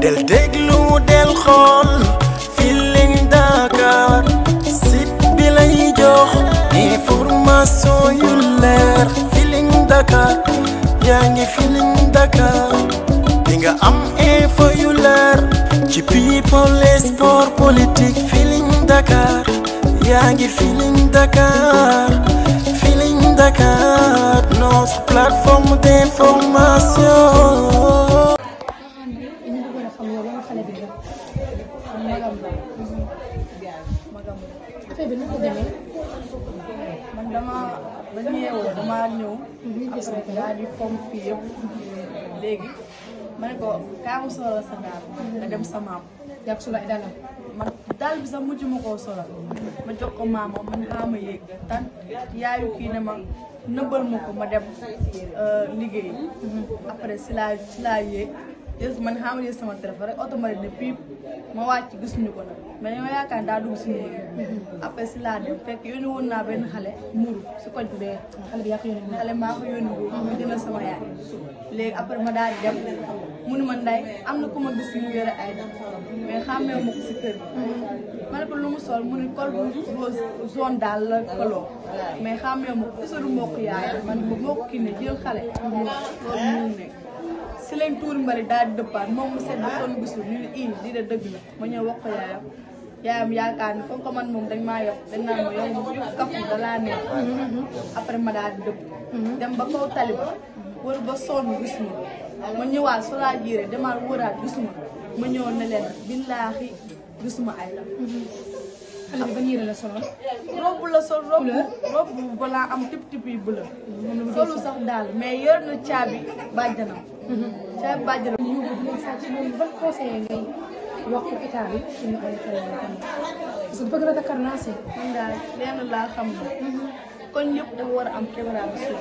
del déglu del xool Feeling Dakar site bi lay jox information yu leer Feeling Dakar yaa ngi Feeling Dakar nga am yu leer ci people et sport politique Feeling Dakar yaa ngi Feeling Dakar Feeling Dakar notre plateforme d'information xale bi def magam la magam affaire bi nu ko demee man dama ba ñëwoo dama ñëw gis rek daal di fomm fii yëpp léegi ma ne ko kaamu solo sa daal nga dem sa maam jàpp solo ay dalam man daal bi sax mujj ma koo solo ma jox ko maama man xaama yéeg tan yaayu kii ne ma nëbbal ma ko ma dem liggéey après si laa si laa yéeg yes man xaaral yées sama téléphone rek automatique de pipe ma wàcc gisuñu ko nag mais ñoo daa dugg suñu après si laa dem fekk yónni woon naa benn xale muru si koñ bee. xale ma daa sama ma daal dem mu ne ma am na ku ma gis mu yore ay mais xàmmee ma ko si kër mm-hmm. ma ne ko lu mu sol mu ne col bu rose daal la koloo mais xàmmee ma ko fësalu mbokk yaay man mbokk kii ne jël xale mm-hmm. loolu mënul nekk si lañ tuur mbali daal di dëppaat moom mu sedd sonn gisul ñu ne ii lii de dëgg la ma ñëw wax ko yaayam yaayam yaakaar ni comme que man moom dañ maa yokk dañ naan ma yow kafu laa neex après ma daal di dëpp dem ba kaw tali ba wër ba sonn gis ma ma ñëwaat su laa jiire demaat wëraat gis ma ma ñëw ne leen billaahi gis ay la xale bi ban la sol robe robe bu balaa am tip tip yi bu la. solu sax daal mais yor na caabi bàjjanam. Mhm. caabi bàjjanam. ñu yóbbu dinañ a ñoom bëgg na naa see. man daal lenn laa xam ne. Mhm. kon ñëpp dafa war a am caméra bi suuf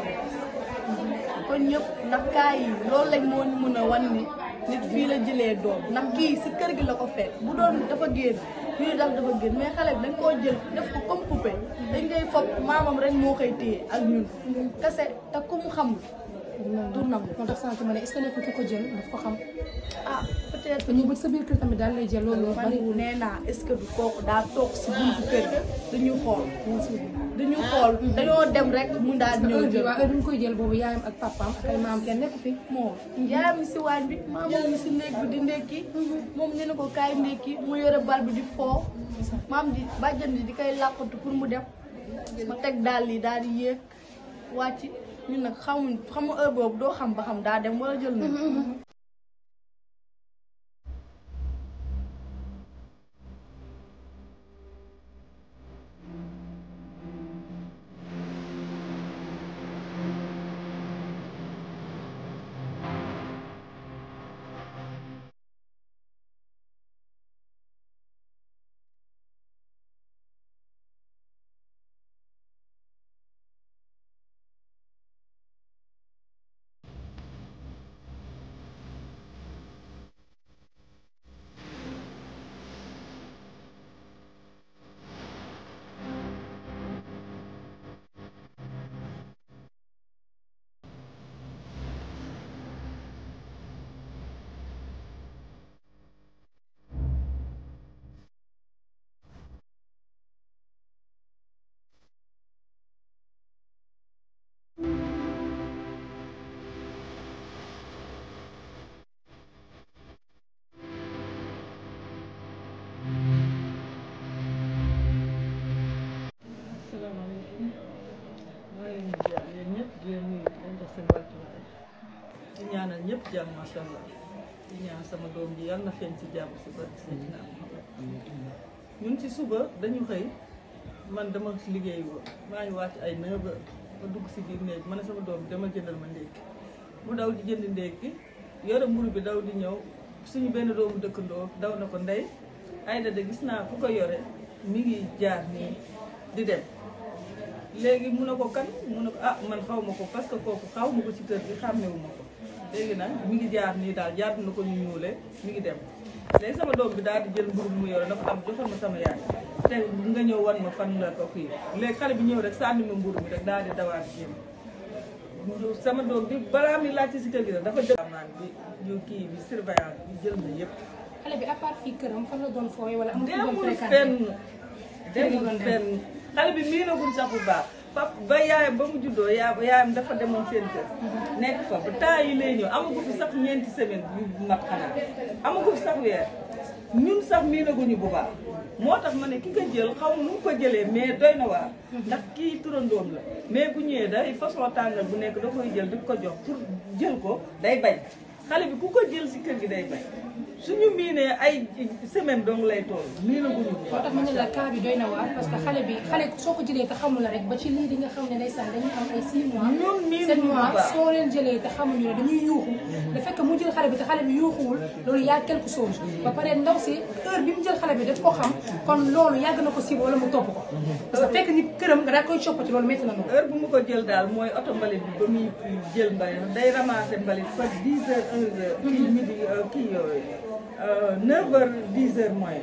kon ñëpp ndax kaa yi loolu lañ moo mën a wan ni nit fii la jëlee doom ndax kii si kër gi la ko fekk bu doon dafa génn. ñuy dal dafa gën mais xale bi dañ koo jël def ko comme poupée dañ koy fob maamam rek moo koy téye ak ñun kese te ku mu xamul. du nangu moo tax sànq ma ne est fukk ko jël daf ko xam ah. peut-être ñu bëgg sa biir kër tamit daal lay jël loolu bariwul nee naa est-ce que du kooku daa toog si buntu kër dañu xool dañu xool dañoo dem rek mu daal ñëw jël waaye duñ koy jël boobu yaayam ak papaam ak ay maam kenn nekk fi moom yaayam si waañ bi maamam si néeg bi di ndékki moom ñu koo ko kaay ndékki mu yore bal bi di foo maam di bàjjan di di koy làqatu pour mu dem ma teg daal yi daal di yéeg wàcc ñun nag xamuñ xamu heure boobu doo xam ba xam daa dem wala jël na jàmm macha allah di ñaan sama doom ji yàlla na feeñ ci jàmm si ba Seydina Muhammad ñun ci suba dañu xëy man dama liggéey woon maa ngi wàcc ay 9 heures ma dugg si biir néeg ma ne sama doom bi dama jëndal ma ndékki mu daw di jënd ndékki yore mburu bi daw di ñëw suñu benn doomu dëkkandoo daw na ko ndey Aïda de gis naa ku ko yore mi ngi jaar nii di dem léegi mu ne ko kan mu na ko ah man xaw ma ko parce que kooku xaw ma ko ci kër gi xàmmewu ma léegi nag mu ngi jaar nii daal jaar na ko ñu ñuulee mi ngi dem léegi sama doom bi daal di jël mburu mu yore dafa am joxoon ma sama yaay te nga ñëw wan ma fan la ko kii léegi xale bi ñëw rek sànni ma mburu mi rek daal di dawaat jéem sama doom bi balaa muy laaj ci kër gi nag dafa jël amaan bi ñu kii bi surveillance bi jël na yëpp xale bi à part fii këram fan la doon fooy wala amul fenn demul fenn xale bi miinagul sax bu baax pap ba yaayam ba mu juddoo yaayam dafa demoon seen kër nekk fa ba temps yi lay ñëw amagu fi sax ñeenti semaine yu mat xanaa amagu fi sax weer ñun sax miinaguñu bu baax moo tax ma ne ki ko jël xaw mu ko jëlee mais doy na waar ndax kii turandoom la mais bu ñëwee day façon tàngal bu nekk da koy jël di ko jox pour jël ko day bay xale bi ku ko jël si kër gi day bañ suñu miinee ay semaine dong lay toll nii la ko ñu. moo tax ma parce que xale bi xale soo ko jëlee te xamul la rek ba ci lii di nga xam ne ndeysaan dañuy am ay 6 mois. ñoom miinu soo leen jëlee te xamuñu ne yuuxu. da mhm. bi te bi yuuxuwul loolu yaa quelque mhm. ba pare ndaw si heure bi mu jël xale bi daf ko xam kon loolu yàgg na ko si wala mu topp ko. Mhm. parce que fekk nit këram nga daa koy coppati loolu métti na loolu. heure bu mu ko jël daal mooy oto mbalit bi ba muy jël mbalit day ramasser mbalit fa 10 heures 11 heures. kii midi euh, kii yooyu Euh, neuf heures dix heures mooy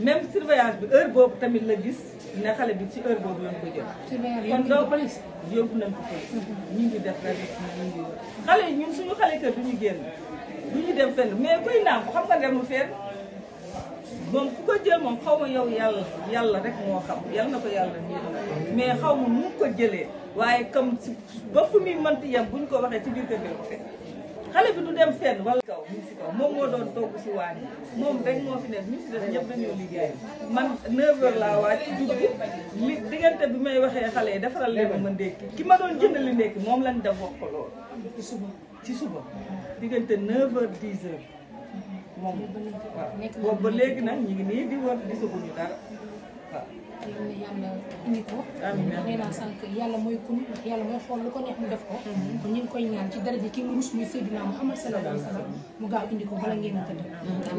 même surveillance bi heure boobu tamit la gis ne xale bi ci heure boobu lañ ko jël kon doo police yóbbu nañ ko police mhm. ngi def registre ñu ngi xale ñun suñu xale kër duñu dem fenn mais kuy nàmp xam nga dem mu fenn moom ku ko jël moom xaw ma yow yàlla yàlla rek moo xam yàlla na ko yàlla nii mais xaw ma mu ko jëlee waaye comme ba fu muy mënti yem buñ ko waxee ci biir kër ko fekk xale bi du dem fenn wala kaw ñu si kaw moom moo doon togg si waañ moom rek moo fi nekk ñu si des ñëpp dañoo liggéey man 9 heures laa wàcc dugg li diggante bi may waxee xale yi defaral leen ma ndékki ki ma doon jënd li ndékki moom lañ def wax ko lool ci suba ci suba diggante 9 heures 10 heures moom waaw boobu ba léegi nag ñu ngi nii di wër gisaguñu dara waaw yal na yàlla indi ko nee kun ndax yàlla mooy xool lu ko neex mu def ko ñu ngi koy ko a tëdd ndax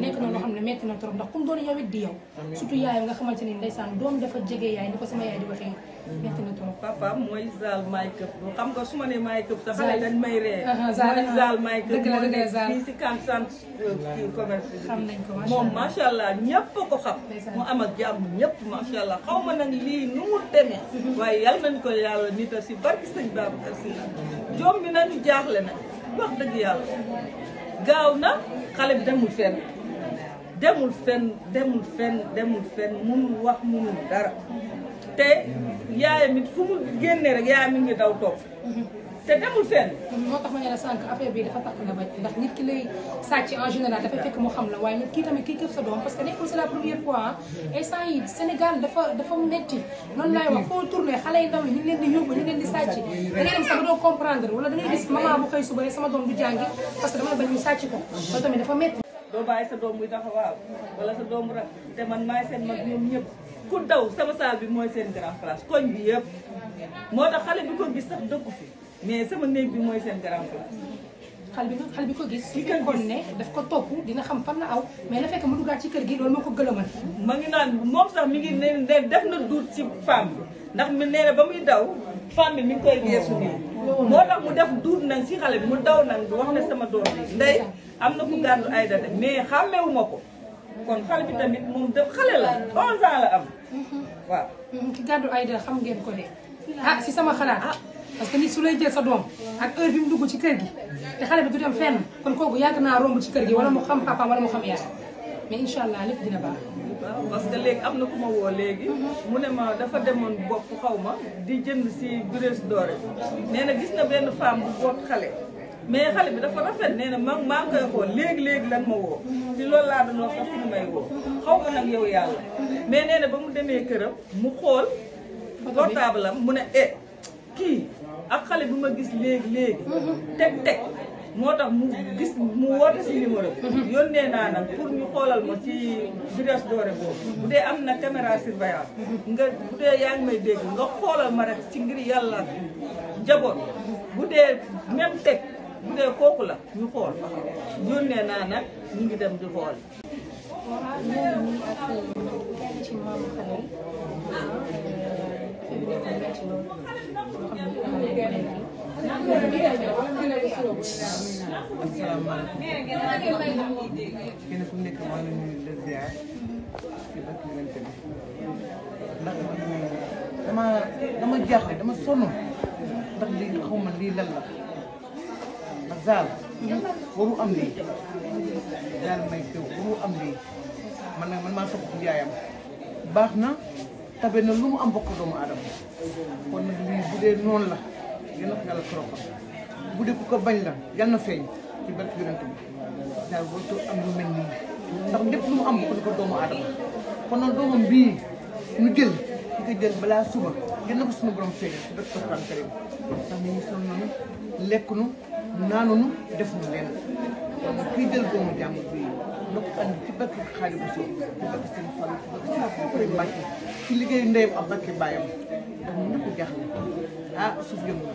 nekk na loo xam ne metti na trop ndax kum doon yowit di yow surtout yaayam nga xamante ni ndeysaan doom dafa jege yaay ni ko sama yaay di waxee metti na trop ma ne maay këpp sax xale dañ may moom macha allah ñëpp ko xam mu am ak jàmm ñëpp macha allah xaw ma nag lii nu mu demee waaye yal nañ ko yàlla nital si barki sëñ Babacar Si joom bi nañu jaaxle nag wax dëgg yàlla gaaw na xale bi demul fenn demul fenn demul fenn demul fenn munul wax munul dara te yaayam it fu mu génnee rek yaayam mi ngi daw topp te demul fenn. moo tax ma ne la sànq affaire bi dafa takk la ba nit ki lay sàcc en général dafay fekk mu xam la waaye nit kii tamit kii kër sa doom parce fois instant yi Sénégal dafa metti noonu laay foo tourné xale yi ndaw yi ñu ngi leen di yóbbu ñu ngi leen doo comprendre wala da ngay gis maman doom du jàngi parce que dama bañ ñu sàcc ko loolu tamit dafa metti doo bàyyi sa doom muy taxawaaw wala sa doom rak te man maay seen mag ñoom ñëpp ku daw sama saal bi mooy seen grand place xale bi ko gis sax mais sama néeg bi mooy seen grand place. xal bi nag bi ko gis. ki ko kon ne daf ko topp dina xam fan la aw. mais la fekk mu duggaat ci kër gi loolu ma ko gëlëmal. ma ngi naan moom sax mi ngi ne def na duut si femme bi ndax mi nee ba muy daw femme bi mi ngi koy geesu nii. moo tax mu def duut nag si xale bi mu daw nag wax ne sama doom bi ndey am na ku gàddu ay de mais xàmmewu ma ko. kon xale bi tamit moom def xale la 11 ans la am. Mhm. waaw. Mhm. ki gàddu ay date xam ngeen ko de. ah si sama xalaat. parce que nit su lay jël sa doom ak heure bi mu dugg ci kër gi te xale bi du dem fenn kon kooku yàgg naa romb ci kër gi wala mu xam papaam wala mu xam yaay mais incha allah lépp ah, parce que léegi am na ku ma woo léegi. Mhm. mu ne ma dafa demoon bopp xaw ma di jënd si Brioche Dorée nee na gis na benn femme bu boot mais xale bi dafa rafet nee na man maa ngi koy xool léegi lan ma woo mhm. ci loolu laa doon mhm. xaw ma nag yàlla mais nee ba mu demee këram mu xool portable am mu ne eh kii. ak xale bu ma gis léegi léegi. teg teg moo tax mu gis mu woote si numéro mhm. yónnee naa nag pour ñu xoolal ma ci Brioche Dorée boobu. Mhm. bu dee am na caméra surveillance. Mhm. nga bu dee yaa ngi may dégg nga xoolal ma rek ci ngir yàlla njaboot. bu dee même teg bu dee kooku la ñu xool yónnee naa nag ñu ngi dem di xool. asalaamaaleykum kenn ku nekk maa ngi nuyu di ziar dama dama jaaxle dama sonn ndax lii xaw ma lii lan am lii daal may teew waru am baax na tabe na lu mu am bokk doomu aadama kon nag lii bu dee noonu la yal na ko yàlla toroxal bu dee ku ko bañ la yan na feeñ ci barke yonent bi mu am bokk na ko doomu aadama kon nag doomam bii ñu jël ñu ko jël balaa suba yal na ko suñu borom feeñ ci barke Alxuraan Karim nu naanu nu def nu leen kii jël doomu jàmm bii na ko andi ci bëkk bu soo ci bëkk seen fan ci bëkk sama kooku rek Mbàkke ci liggéeyu ndeyam ak Mbàkke bàyyam ndax ñëpp jaaxle ah suuf yëngu na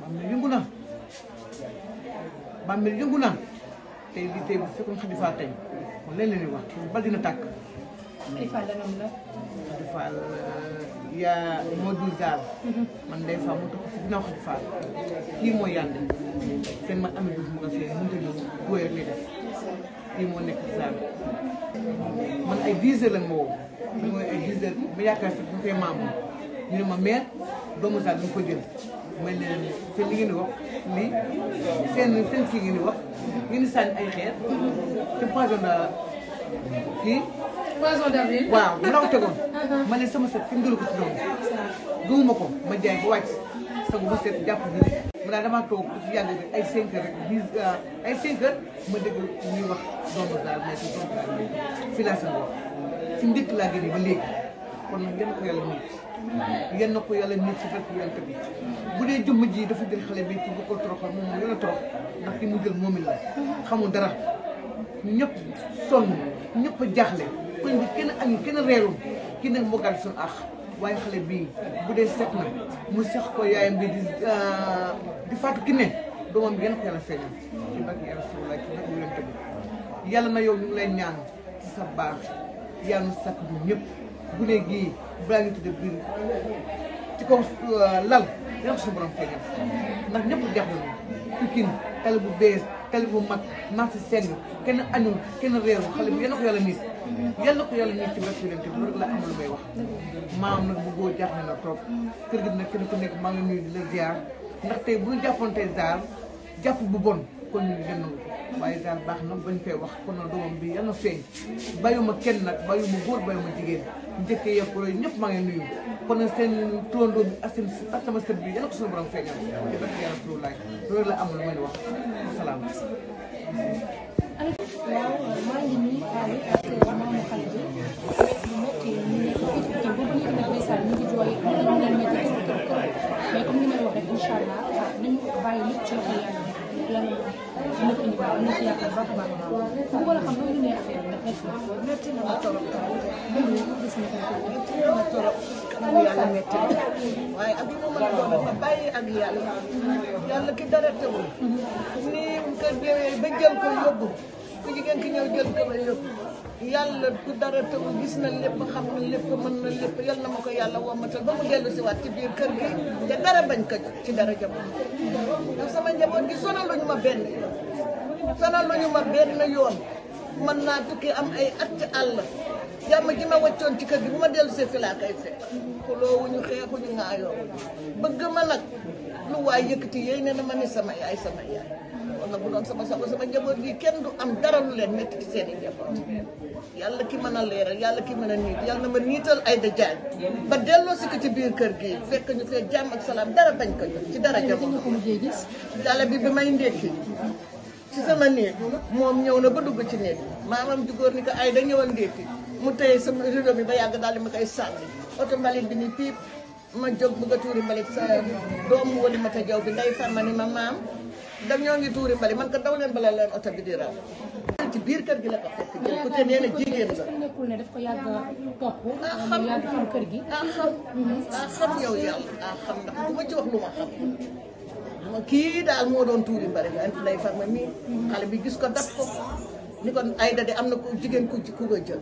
bàmmeel yëngu na bàmmeel yëngu na tey lii tey bu wax bal dina tàkk xalifa yaa moo seen man amee du mu nga see mënta ñëw góoyal li def lii moo nekk saa man ay 10 heures lañ ma woo. ñu mooy ay 10 heures ma yaakaar maamu ñu ma meer doomu saa duñ ko jël leen seen li ngeen di wax lii seen seen kii ngeen di ay xeer te poison la kii. waaw mu la uh-huh. ma ne sama set fi mu ko ci doom gëmuma ko ma jaay ba wàcc sangu ba set jàpp bi man daal damaa toog yàlla bi ay 5 heures rek 10 euh, ma dégg ñuy wax doomu daal nekk doomu daal nekk fii laa si ngoon ci njëkk laa gën ba léegi kon nag yan ko yàlla nit yan na ko yàlla bi bu dee jëmm ji dafa jël xale bi pour bu ko toroxal moom ki mu jël moomi la xamul dara ñëpp sonn ñëpp a jaaxle koñ bi kenn añu kenn reerul ki nag moo gàll suñu àq waaye xale bii bu dee set na mu seq ko yaayam bi di euh, di fàttali ki ne doomam bi yéen ko yàlla feeñal yaa Rasulullah ci barke yonent bi yàlla na yow ñu ngi lay ñaan ci sa baax yàlla na sakk bu ñëpp gune gii balaa ngi tudd biir ci kaw euh, lal yéen ko suñu borom feeñal ndax ñëpp jaaxle na Pikine tali bu bees tali bu mag marché kenn añu kenn réeru xale bi yéen ko yàlla ko yàlla ñëw ci barke yonent bi loolu la am lu may wax maam nag bu góor jaaxle na trop kër gi nag kenn ku nekk maa ngi nuyu di la ziar ndax tey bu ñu te zaar jàpp bu bon kon ñu dem ko waaye zaar baax na bañ koy wax kon nag doomam bi ba feeñ bayuma kenn nag bayuma góor bayuma jigéen njëkk yeeg loolu ñëpp maa ngi nuyu kon nag seen turandoo bi ak sama sët bi yàlla ko suñu borom feeñal ci barke yàlla loolu la am lu may wax asalaamaaleykum ñu ci a a baax bu ko la xam ne ñu ne affaire bi ndax na torop ñu gis ne metti na ma moom a doon ba bàyyi ak yàlla yàlla ki dara tewul ni ba jël ko yóbbu ku jigéen ki ñëw jël ko yóbbu yàlla du dara te gis na lépp xam na lépp mën na lépp yal na ma ko yàlla womatal ba mu dellu si waat ci biir kër gi te dara bañ ko ci dara jamono ndax sama njaboot gi sonaluñu ma benn yoon sonaluñu ma benn yoon man naa tukki am ay at ci àll jàmm ji ma waccoon ci kër gi bu ma dellu see fi laa koy fekk xuloowuñu xeexuñu ngaayoo bëgg ma nag lu waay yëkkati yéy ne na ma ni sama yaay sama yaay wala bu doon sama sama sama njaboot yi kenn du am dara lu leen métti ci seen i njaboot yàlla ki mën a leeral yàlla ki mën a niit yàlla na ma niital ay da jaan ba delloo si ko ci biir kër gi fekk ñu fee jàmm ak salaam dara bañ ko ñu ci dara jamono xale bi bi may ndékki ci sama néeg moom ñëw na ba dugg ci néeg maamam ju góor ni ko ay da ñëwoon ndékki mu tey sama rido mi ba yàgg daal di ma koy sànni oto mbalit bi ni piip ma jóg bëgg a tuuri mbalit sa doomu wali mata jaw bi nday farma ni ma maam dañoo ngi tuuri mbalit man ko daw leen bala leen oto bi di ci biir kër gi la ko fekk jël ku te nee na jigéen la nekkul ne daf ko a ah, xam kër gi a ah, mhm. ah, xam yow yàlla xam ndax bu ma ci wax lu ma xam kii daal moo doon tuuri mbalit nga andi nday farma mii mhm. xale bi gis ko daf ko ni kon ayda de am na ku jigéen ku ku ko jël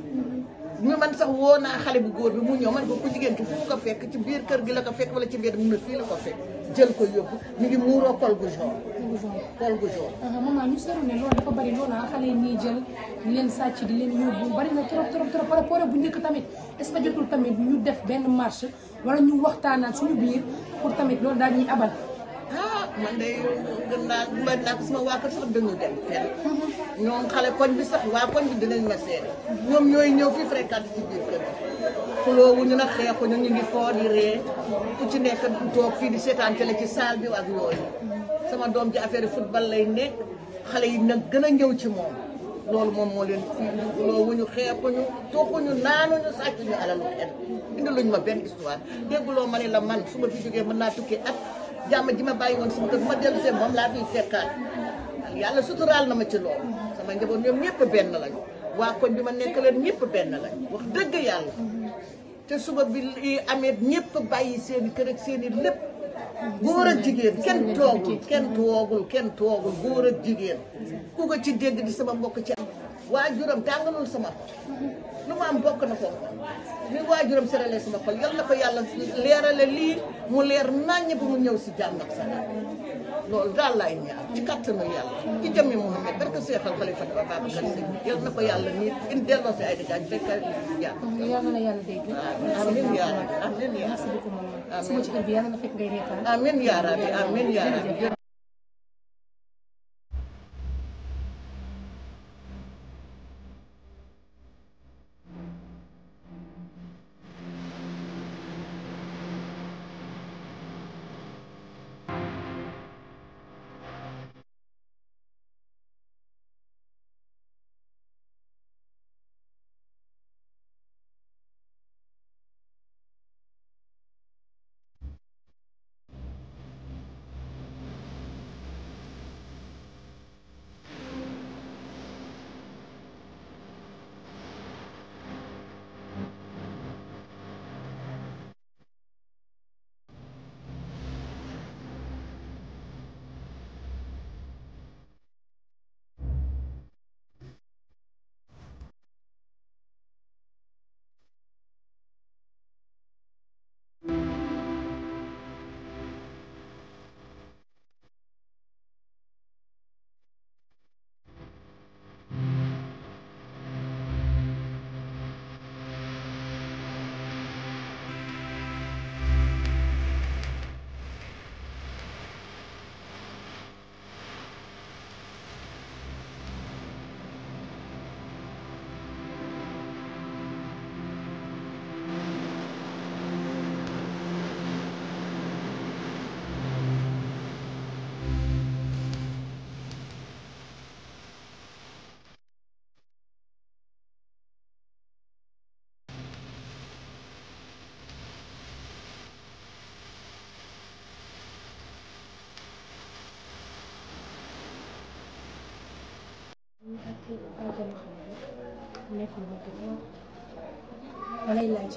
ñu man sax woo naa xale bu góor bi mu ñëw man ko ku jigéen ci fu mu fekk ci biir kër gi la ko fekk wala ci biir mu ne fii la ko fekk jël ko yóbbu ñu ngi muuroo col gu jaune. col gu jaune. Ah, ah, maman ñu seetlu ne loolu dafa bari loolu ah xale yi ñuy jël ñu leen sàcc di leen yóbbu bari na trop trop trop bu njëkk tamit est-ce que jotul ñu def benn marche wala ñu waxtaanal suñu biir pour tamit loolu daal ñuy abal. man day gën naa mën naa ko sama waa kër sax dañu dem fenn ñoom xale koñ bi sax waa koñ bi dinañ ma seede ñoom ñooy ñëw fi fréquente ci biir kër xuloo wu ñu nag xeexu ñu ñu ngi foo di ree ku ci nekk toog fii di seetaan télé ci salle bi ak yooyu sama doom ji affaire football lay nekk xale yi nag gën a ñëw ci moom loolu moom moo leen fii xuloo wu ñu xeexuñu ñu naanuñu sàccuñu alalu kenn indi luñ ma benn histoire dégguloo ma ne la man su ma fi jógee mën naa tukki at jàmm ji ma bàyyi woon sama kër ma dellu seen moom laa fiy fekkaat yàlla suturaal na ma ci loolu sama njaboot ñoom ñëpp benn lañu waa koñ bi ma nekk leen ñëpp benn lañu wax dëgg yàlla te suba bi amee ñëpp bàyyi seen i kër ak seen i lépp góor ak jigéen kenn toogul kenn toogul kenn toogul góor ak jigéen ku ko ci dégg di sama mbokk ci am waajuram tàngalul sama xol lu ma am bokk na ko li waajuram seralee sama xol yal na ko yàlla leerale lii mu leer naññ bu mu ñëw si jàmm ak salaam loolu daal laay ñaar ci kàttanu yàlla ci jëmmi Mouhamed barka seexal xalifa ba Babacar Si yal na ko yàlla nii in delloo si ay dëgg fekk yàlla yàlla na yàlla dégg amiin yaa rabbi amiin yaa rabbi amiin yaa rabbi amiin yaa rabbi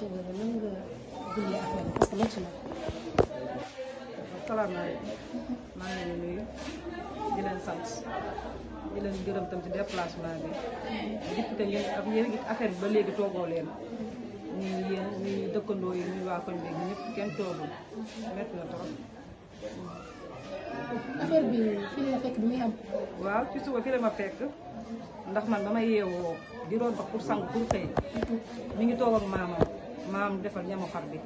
match bi ba nan nga maa ngi leen di nuyu leen sant di leen gërëm tam ci déplacement bi député ngeen ak affaire bi ba léegi toogoo leen ñuy yéen ñuy dëkkandoo yi ñuy waa koñ léegi ñëpp kenn toogul métti na trop. affaire bi fii la fekk bi muy am. waaw ci suba fii la ma fekk ndax man dama yeewoo di roon pour sang pour xëy mi ngi toog ak maamam. maam defal ñamu xar bi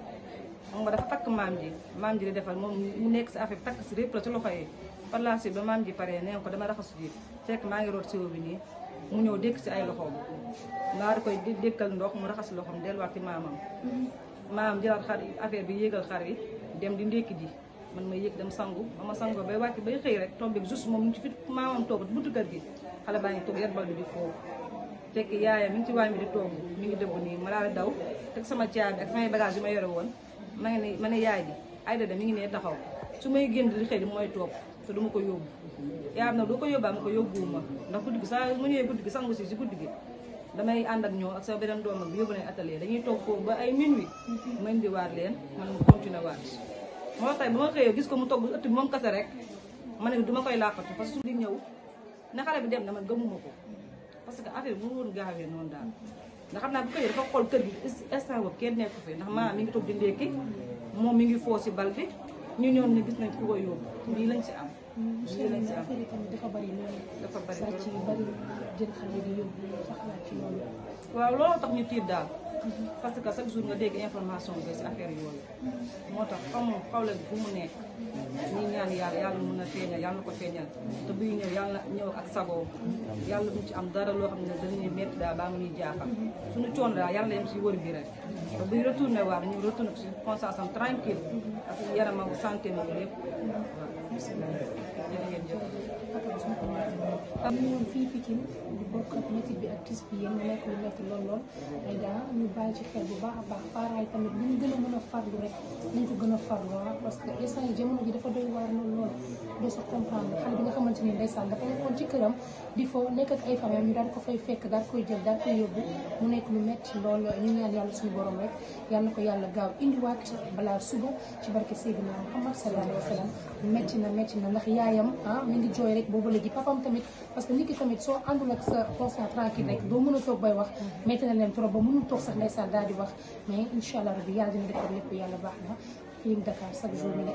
xam nga dafa takk maam ji maam ji di defal moom mu nekk si affaire takk si lépp la ci loxo yi par la suite ba maam ji paree nee ko dama raxasu ji fekk maa ngi root siwo bi nii mu ñëw dékk si ay loxoom laa di koy dékkal ndox mu raxas loxoom delluwaat ci maamam maam jëlaat xar affaire bi yéegal xar yi dem di ndékki ji man ma yéeg dem sangu ba ma sangoo bay wàcc bay xëy rek tombéeg juste moom ci fi maamam toog buntu kër gi xale baa ngi toog yar bal bi fekk yaayam mi ngi ci waañ bi di toog mi ngi dëbb nii ma daal daw teg sama caabi ak samay bagage yu ma yore woon ma ne ma ne yaay ji ay da mi ngi nee taxaw su may génn li xëy di mooy toog te ma ko yóbbu yaayam nag du ko yóbbaa ko yóbbuwuma ndax guddi gi saa mu ñëwee guddi gi si guddi gi damay ànd ak ñoo ak sama beneen doomam bi yóbbu nañ atelier dañuy toog foofu ba ay minuit ma indiwaat leen man ma continué waat moo tax ba ma xëyee gis ko mu togg ëtt bi moom kase rek ma ne du ma koy làqatu parce que su di ñëw ne xale bi dem na man gëmuma ko parce que affaire bi mënu woon gaawee noonu daal nga xam naa bu koy dafa xool kër gi instant boobu mi ngi foo si bal bi ñu ñoom gis nañ ku ko yóbbu lii lañ si am lii lañ si am dafa bari loolu dafa bari loolu jël xale di yóbbu sax laa ci loolu waaw que chaque jour dégg information bi affaire yooyu moo tax xaw ma xaw la bu mu nekk ñi ñaan yàlla yàlla mën a feeñal yàlla na ko feeñal te buy ñëw yàlla ñëw ak sagoo yàlla duñ ci am dara loo xam ne dañuy métti daal baa muy jaaxal suñu coono daal yàlla yem si wër bi rek te buy retourné waa dañu retourné ko si conscience am tranquille ak yaramam santé moom lépp waaw ngeen jëf am ñoon fii Pikine di bokk ak métit bi ak tis bi yéen mu nekk lu métti lool lool ay daa ñu bàyyi ci xel bu baax a baax parents tamit ñu gën a mën a farlu rek ñu ko gën a farlu waaw ah, parce que jamono ji dafa doy waar loolu loolu nga xamante ni ndeysaan dafa nekkoon ci këram di foo nekk ay famille ñu daan ko fay fekk daan koy jël daan koy yóbbu mu nekk lu metti lool ñu ñaan yàlla suñu borom rek yàlla ko yàlla gaaw indiwaat balaa suba ci barke Seydina Muhammad sallallahu alayhi wa sallam metti na metti yaayam ah mi ngi jooy rek boobu léegi papam tamit parce que nit ki tamit soo àndul ak sa conscience tranquille rek doo mën a toog bay wax metti na leen trop ba mënul toog sax ndeysaan daal di wax mais incha allah rabbi yàlla dina defar lépp yàlla baax na Feeling Dakar chaque jour mi ngi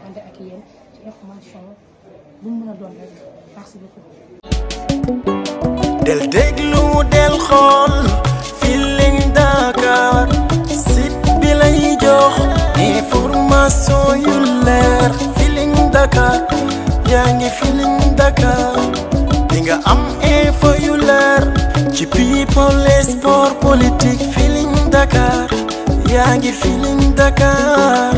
a del déglu del xool Feeling Dakar site bi lay jox information yu leer Feeling Dakar yaa ngi Feeling Dakar di nga am info yu leer ci people et sport politique Feeling Dakar yaa ngi Feeling Dakar.